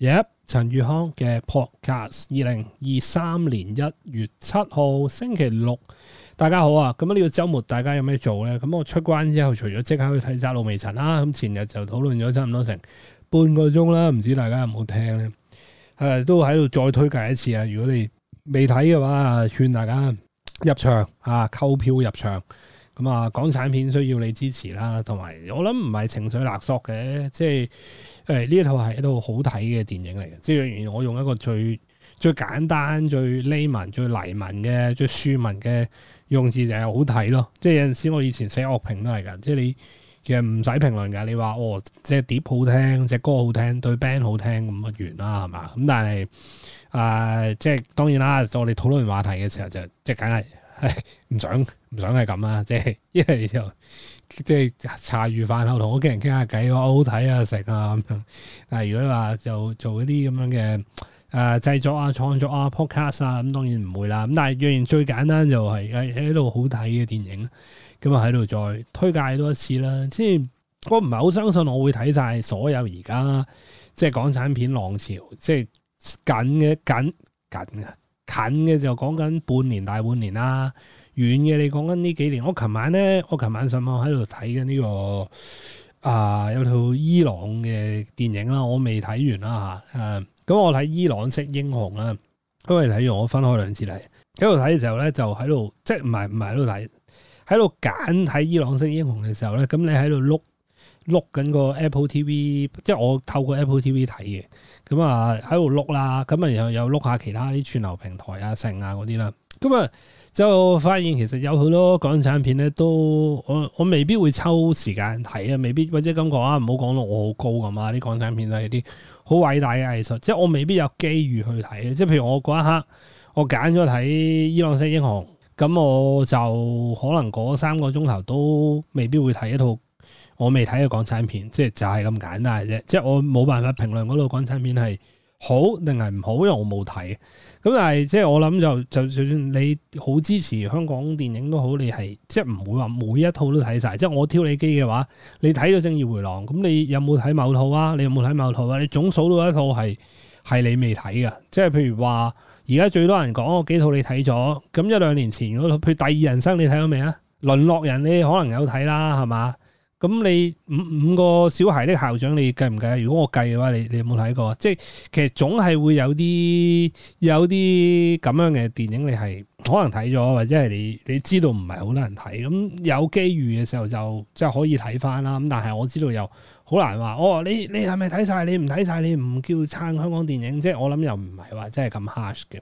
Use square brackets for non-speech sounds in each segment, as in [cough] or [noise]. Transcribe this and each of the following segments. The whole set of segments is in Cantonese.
耶！陳宇、yep, 康嘅 Podcast，二零二三年一月七號星期六，大家好啊！咁呢個周末大家有咩做呢？咁我出關之後，除咗即刻去睇《窄路微塵》啦，啊。咁前日就討論咗差唔多成半個鐘啦，唔知大家有冇聽呢？誒、啊，都喺度再推介一次啊！如果你未睇嘅話，勸大家入場啊，購票入場。咁啊，港、嗯、產片需要你支持啦，同埋我諗唔係情緒勒索嘅，即係誒呢一套係一套好睇嘅電影嚟嘅。即係我用一個最最簡單、最匿文、最泥文嘅、最書文嘅用字，就係好睇咯。即係有陣時我以前寫樂評都係噶，即係你其實唔使評論噶，你話哦隻碟好聽，隻歌，歌好聽，對 band 好聽咁咪完啦，係嘛？咁但係啊、呃，即係當然啦，當我哋討論話題嘅時候就即係梗係。係唔想唔想係咁啊！即係，因為就即係茶餘飯後同屋企人傾下偈，哇，好好睇啊，食啊咁樣。但係如果你話就做一啲咁樣嘅誒製作啊、創作啊、Podcast 啊，咁當然唔會啦。咁但係若然最簡單就係喺喺度好睇嘅電影，咁啊喺度再推介多一次啦。即係我唔係好相信我會睇晒所有而家即係港產片浪潮，即係揀嘅揀揀啊！緊緊近嘅就講緊半年大半年啦，遠嘅你講緊呢幾年。我琴晚咧，我琴晚上網喺度睇緊呢個啊有套伊朗嘅電影啦，我未睇完啦嚇。咁、啊、我睇伊朗式英雄啦，因為睇完我分開兩次嚟。喺度睇嘅時候咧，就喺度即係唔係唔係喺度睇，喺度揀睇伊朗式英雄嘅時候咧，咁你喺度碌碌緊個 Apple TV，即係我透過 Apple TV 睇嘅。咁、嗯、啊，喺度碌啦，咁啊，然後又碌下其他啲串流平台啊、成啊嗰啲啦，咁啊、嗯、就發現其實有好多港產片咧，都我我未必會抽時間睇啊，未必或者感覺啊，唔好講到我好高咁啊，啲港產片啊，係啲好偉大嘅藝術，即係我未必有機遇去睇啊。即係譬如我嗰一刻我揀咗睇《伊朗式英雄》，咁我就可能嗰三個鐘頭都未必會睇一套。我未睇過港產片，即係就係咁簡單嘅啫。即係我冇辦法評論嗰套港產片係好定係唔好，因為我冇睇。咁但係即係我諗就就就算你好支持香港電影都好，你係即係唔會話每一套都睇晒。即係我挑你機嘅話，你睇咗《正義迴廊》咁，你有冇睇某套啊？你有冇睇某套啊？你總數到一套係係你未睇嘅，即係譬如話而家最多人講，我幾套你睇咗咁一兩年前嗰套，譬如《第二人生》你睇咗未啊？《淪落人》你可能有睇啦，係嘛？咁你五五個小孩的校長，你計唔計啊？如果我計嘅話，你你有冇睇過？即係其實總係會有啲有啲咁樣嘅電影，你係可能睇咗，或者係你你知道唔係好多人睇。咁有機遇嘅時候就即係可以睇翻啦。咁但係我知道又好難話。哦，你你係咪睇晒？你唔睇晒？你唔叫撐香港電影？即係我諗又唔係話真係咁 harsh 嘅。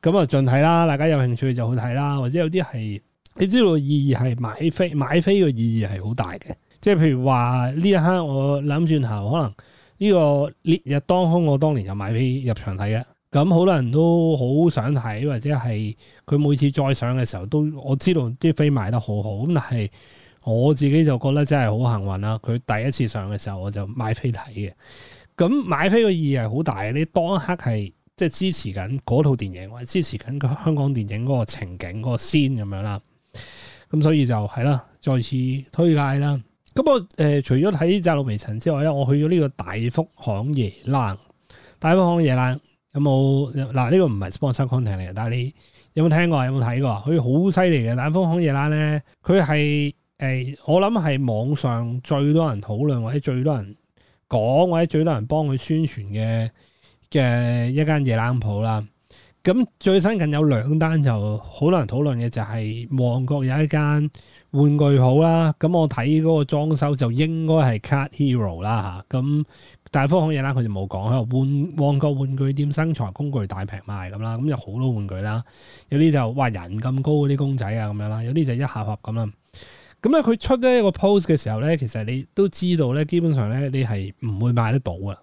咁啊盡睇啦，大家有興趣就好睇啦，或者有啲係。你知道意義係買飛，買飛嘅意義係好大嘅，即係譬如話呢一刻我諗轉頭，可能呢個烈日當空，我當年就買飛入場睇嘅。咁好多人都好想睇，或者係佢每次再上嘅時候，都我知道啲飛賣得好好。咁但係我自己就覺得真係好幸運啦！佢第一次上嘅時候，我就買飛睇嘅。咁買飛嘅意義係好大嘅，你當刻係即係支持緊嗰套電影，或者支持緊香港電影嗰個情景、嗰、嗰個先咁樣啦。咁所以就係啦，再次推介啦。咁我誒、呃、除咗睇扎露微塵之外咧，我去咗呢個大福巷夜冷。大福巷夜冷有冇嗱？呢、呃，這個唔係 sponsor content 嚟嘅，但係你有冇聽過？有冇睇過？佢好犀利嘅。大福巷夜冷咧，佢係誒，我諗係網上最多人討論或者最多人講或者最多人幫佢宣傳嘅嘅一間夜冷鋪啦。咁最新近有兩單就好難討論嘅，就係旺角有一間玩具鋪啦。咁我睇嗰個裝修就應該係 Cat Hero 啦嚇。咁大方嘅嘢啦，佢就冇講喺度。旺角玩具店生財工具大平賣咁啦。咁有好多玩具啦，有啲就話人咁高嗰啲公仔啊咁樣啦，有啲就一盒盒咁啦。咁咧佢出咧一個 post 嘅時候咧，其實你都知道咧，基本上咧你係唔會買得到嘅。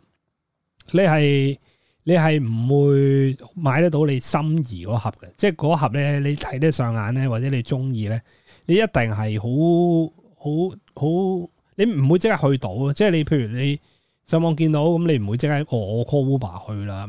你係。你係唔會買得到你心儀嗰盒嘅，即係嗰盒咧，你睇得上眼咧，或者你中意咧，你一定係好好好，你唔會即刻去到啊！即係你譬如你上網見到，咁你唔會即刻我、oh, call Uber 去啦。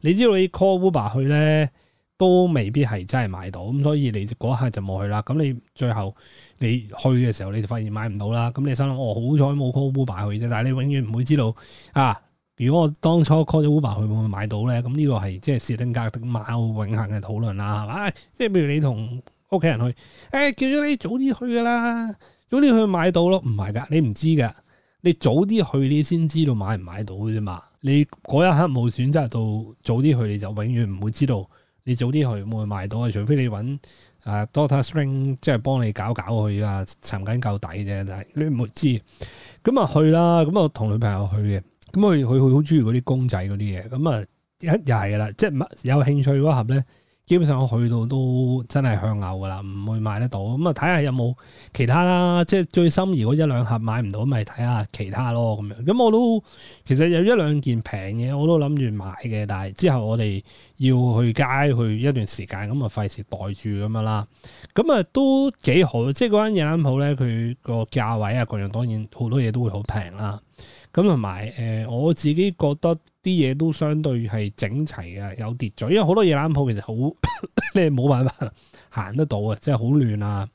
你知道你 call Uber 去咧都未必係真係買到，咁所以你嗰刻就冇去啦。咁你最後你去嘅時候，你就發現買唔到啦。咁你心諗，我、oh, 好彩冇 call Uber 去啫，但係你永遠唔會知道啊！Ah, 如果我當初 call 咗 Uber 去，會唔會買到咧？咁、嗯、呢、這個係即係薛丁格嘅貓，永恆嘅討論啦，係嘛？即係譬如你同屋企人去，誒、哎、叫咗你早啲去嘅啦，早啲去買到咯，唔係㗎，你唔知㗎。你早啲去，你先知道買唔買到嘅啫嘛。你嗰一刻冇選擇到早啲去，你就永遠唔會知道你早啲去會唔會買到啊？除非你揾、啊、Doctor Strange 即係幫你搞搞佢啊，尋緊夠底啫，但你唔會知。咁啊去啦，咁我同女朋友去嘅。咁佢佢好中意嗰啲公仔嗰啲嘢，咁啊又係噶啦，即係有興趣嗰盒咧，基本上我去到都真係向牛噶啦，唔會買得到。咁啊睇下有冇其他啦，即係最心儀嗰一兩盒買唔到，咪睇下其他咯咁樣。咁我都其實有一兩件平嘅，我都諗住買嘅，但係之後我哋要去街去一段時間，咁啊費事袋住咁樣啦。咁啊都幾好，即係嗰間夜冷鋪咧，佢個價位啊，各樣當然好多嘢都會好平啦。咁同埋，誒、呃、我自己覺得啲嘢都相對係整齊嘅，有跌咗，因為好多夜冷鋪其實好， [laughs] 你冇辦法行得到啊，即係好亂啊，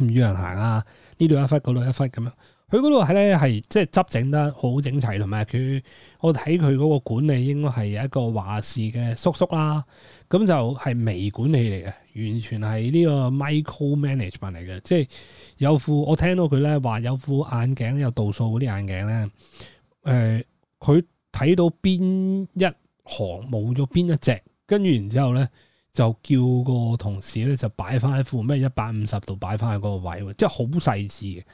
唔預人行啊，呢度一忽，嗰度一忽咁樣。佢嗰度係咧，係即係執整得好整齊，同埋佢我睇佢嗰個管理應該係一個話事嘅叔叔啦。咁就係微管理嚟嘅，完全係呢個 micro management 嚟嘅。即係有副我聽到佢咧話有副眼鏡有度數嗰啲眼鏡咧，誒、呃，佢睇到邊一行冇咗邊一隻，跟住然之後咧就叫個同事咧就擺翻一副咩一百五十度擺翻喺嗰個位，即係好細緻嘅。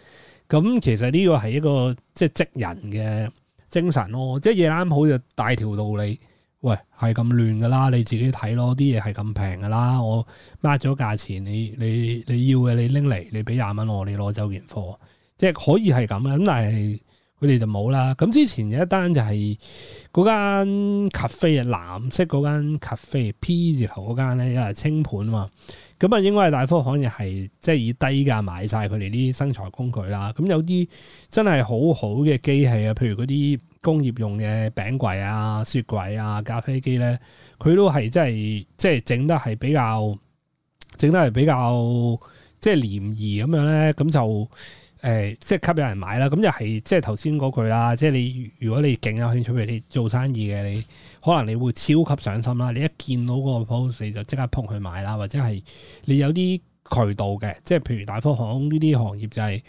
咁其實呢個係一個即係職人嘅精神咯，即係夜冷好，就大條道理，喂，係咁亂㗎啦，你自己睇咯，啲嘢係咁平㗎啦，我 mark 咗價錢，你你你要嘅你拎嚟，你俾廿蚊我，你攞走件貨，即係可以係咁嘅，咁但係。佢哋就冇啦。咁之前有一單就係嗰間咖啡啊，藍色嗰間咖啡，咖啡 P 字頭嗰間咧，因為清盤啊嘛。咁啊，應該係大科可以係即係以低價買晒佢哋啲生產工具啦。咁有啲真係好好嘅機器啊，譬如嗰啲工業用嘅餅櫃啊、雪櫃啊、咖啡機咧，佢都係真係即係整得係比較整得係比較即係廉宜咁樣咧，咁就。誒，即係吸引人買啦，咁又係即係頭先嗰句啦。即係你，如果你勁有興趣，譬如你做生意嘅，你可能你會超級上心啦。你一見到個 post 你就即刻撲去買啦，或者係你有啲渠道嘅，即係譬如大科學呢啲行業就係、是、誒。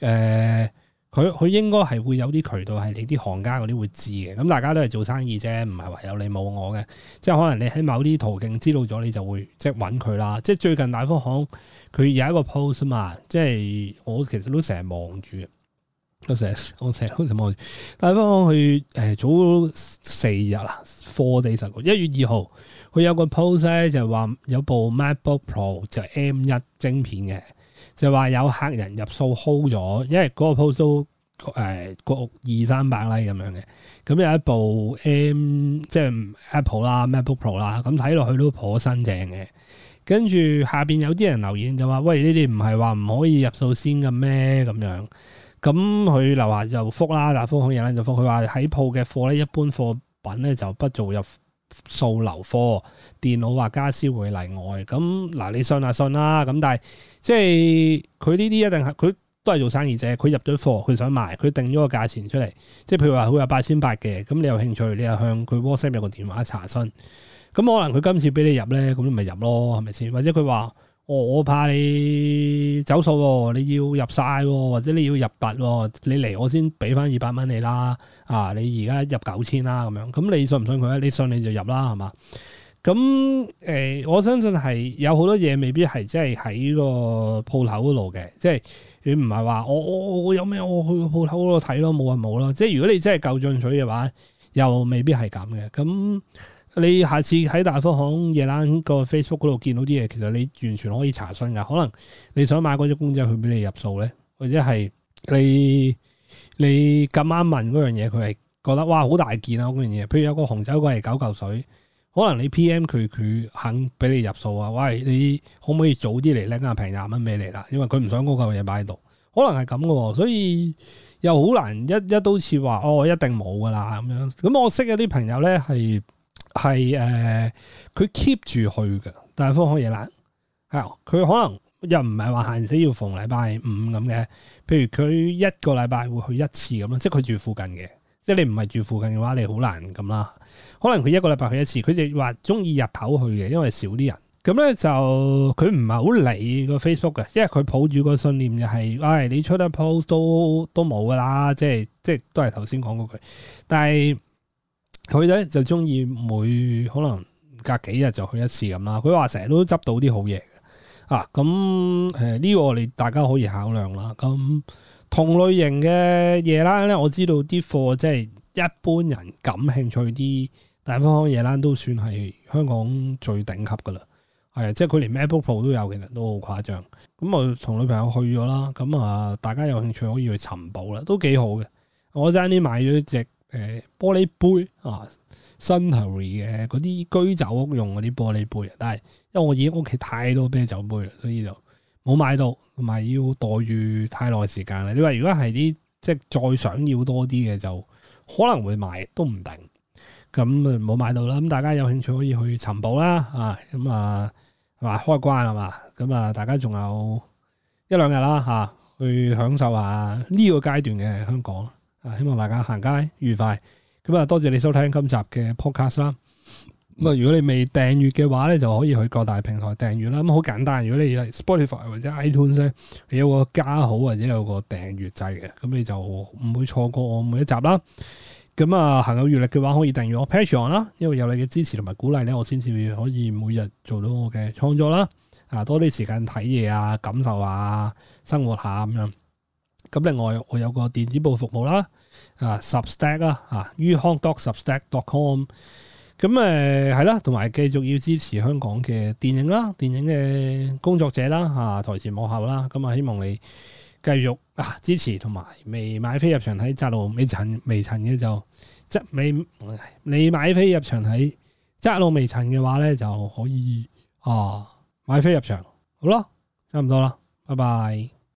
呃佢佢應該係會有啲渠道，係你啲行家嗰啲會知嘅，咁大家都係做生意啫，唔係話有你冇我嘅，即係可能你喺某啲途徑知道咗，你就會即係揾佢啦。即係最近大方行佢有一個 post 啊嘛，即係我其實都成日望住嘅，都成我成日都成日望住。大方行佢誒早四日啦，貨地十個一月二號，佢有個 post 咧就係、是、話有部 MacBook Pro 就係 M 一晶片嘅。就話有客人入數 hold 咗，因為嗰個鋪都誒個、呃、二三百呎咁樣嘅，咁有一部 M、嗯、即係 App Apple 啦、MacBook Pro 啦，咁睇落去都頗新淨嘅。跟住下邊有啲人留言就話：喂，呢啲唔係話唔可以入數先嘅咩？咁樣，咁佢樓下就覆啦，嗱係好嘢啦，就覆佢話喺鋪嘅貨咧，一般貨品咧就不做入。數流貨，電腦或家私會例外。咁嗱，你信下信啦。咁但係即係佢呢啲一定係佢都係做生意者。佢入咗貨，佢想賣，佢定咗個價錢出嚟。即係譬如話佢有八千八嘅，咁你有興趣，你又向佢 WhatsApp 入個電話查詢。咁可能佢今次俾你入呢，咁咪入咯，係咪先？或者佢話，我怕你走數喎、哦，你要入晒喎、哦，或者你要入百喎、哦，你嚟我先俾翻二百蚊你啦。啊，你而家入九千啦，咁樣，咁你信唔信佢啊？你信你就入啦，係嘛？咁誒、呃，我相信係有好多嘢未必係即係喺個鋪頭嗰度嘅，即係你唔係話我我我有咩我去個鋪頭嗰度睇咯，冇就冇咯。即係如果你真係夠進取嘅話，又未必係咁嘅。咁你下次喺大福巷夜冷個 Facebook 嗰度見到啲嘢，其實你完全可以查詢噶。可能你想買嗰隻公仔，去俾你入數咧，或者係你你咁啱問嗰樣嘢，佢係覺得哇好大件啊嗰樣嘢。譬如有個紅酒罐係九嚿水，可能你 PM 佢，佢肯俾你入數啊。喂，你可唔可以早啲嚟拎啱下平廿蚊俾你啦，因為佢唔想嗰嚿嘢擺喺度，可能係咁噶。所以又好難一一刀切話哦，一定冇噶啦咁樣。咁我識嘅啲朋友咧係。係誒，佢 keep、呃、住去嘅，但係風風雨雨難。係啊，佢可能又唔係話限死要逢禮拜五咁嘅。譬如佢一個禮拜會去一次咁咯，即係佢住附近嘅。即係你唔係住附近嘅話，你好難咁啦。可能佢一個禮拜去一次，佢哋話中意日頭去嘅，因為少啲人。咁咧就佢唔係好理個 Facebook 嘅，因為佢抱住個信念就係、是，唉、哎，你出得 post 都都冇噶啦，即係即係都係頭先講嗰句。但係。佢咧就中意每可能隔幾日就去一次咁啦。佢話成日都執到啲好嘢嘅啊。咁誒呢個我哋大家可以考量啦。咁、嗯、同類型嘅夜冷咧，我知道啲貨即係一般人感興趣啲大方夜冷，都算係香港最頂級噶啦。係啊，即係佢連 Apple 都有，其實都好誇張。咁我同女朋友去咗啦。咁啊，大家有興趣可以去尋寶啦，都幾好嘅。我差啲買咗隻。誒，玻璃杯啊，Suntory 嘅嗰啲居酒屋用嗰啲玻璃杯啊，但係因為我而家屋企太多啤酒杯啦，所以就冇買到，同埋要待遇太耐時間啦。你話如果係啲即係再想要多啲嘅，就可能會買，都唔定。咁啊冇買到啦。咁大家有興趣可以去尋寶啦，啊咁啊，話、啊啊、開關係嘛，咁啊，啊，大家仲有一兩日啦吓，去享受下呢個階段嘅香港。希望大家行街愉快。咁啊，多謝你收聽今集嘅 podcast 啦。咁啊、嗯，如果你未訂閱嘅話咧，就可以去各大平台訂閱啦。咁好簡單，如果你係 Spotify 或者 iTunes 咧，有個加號或者有個訂閱掣嘅，咁你就唔會錯過我每一集啦。咁啊，行有餘力嘅話，可以訂閱我 Patreon 啦，因為有你嘅支持同埋鼓勵咧，我先至可以每日做到我嘅創作啦。啊，多啲時間睇嘢啊，感受啊，生活下咁樣。咁另外，我有個電子報服務啦。啊，Substack 啦，啊，啊 uhongdocs.substack.com 咁，誒係啦，同埋繼續要支持香港嘅電影啦，電影嘅工作者啦，啊，台前幕後啦，咁，啊希望你繼續啊支持，同埋未買飛入場喺窄路微塵微塵嘅就即未，未、呃、你買飛入場喺窄路微塵嘅話咧就可以啊買飛入場，好咯，差唔多啦，拜拜。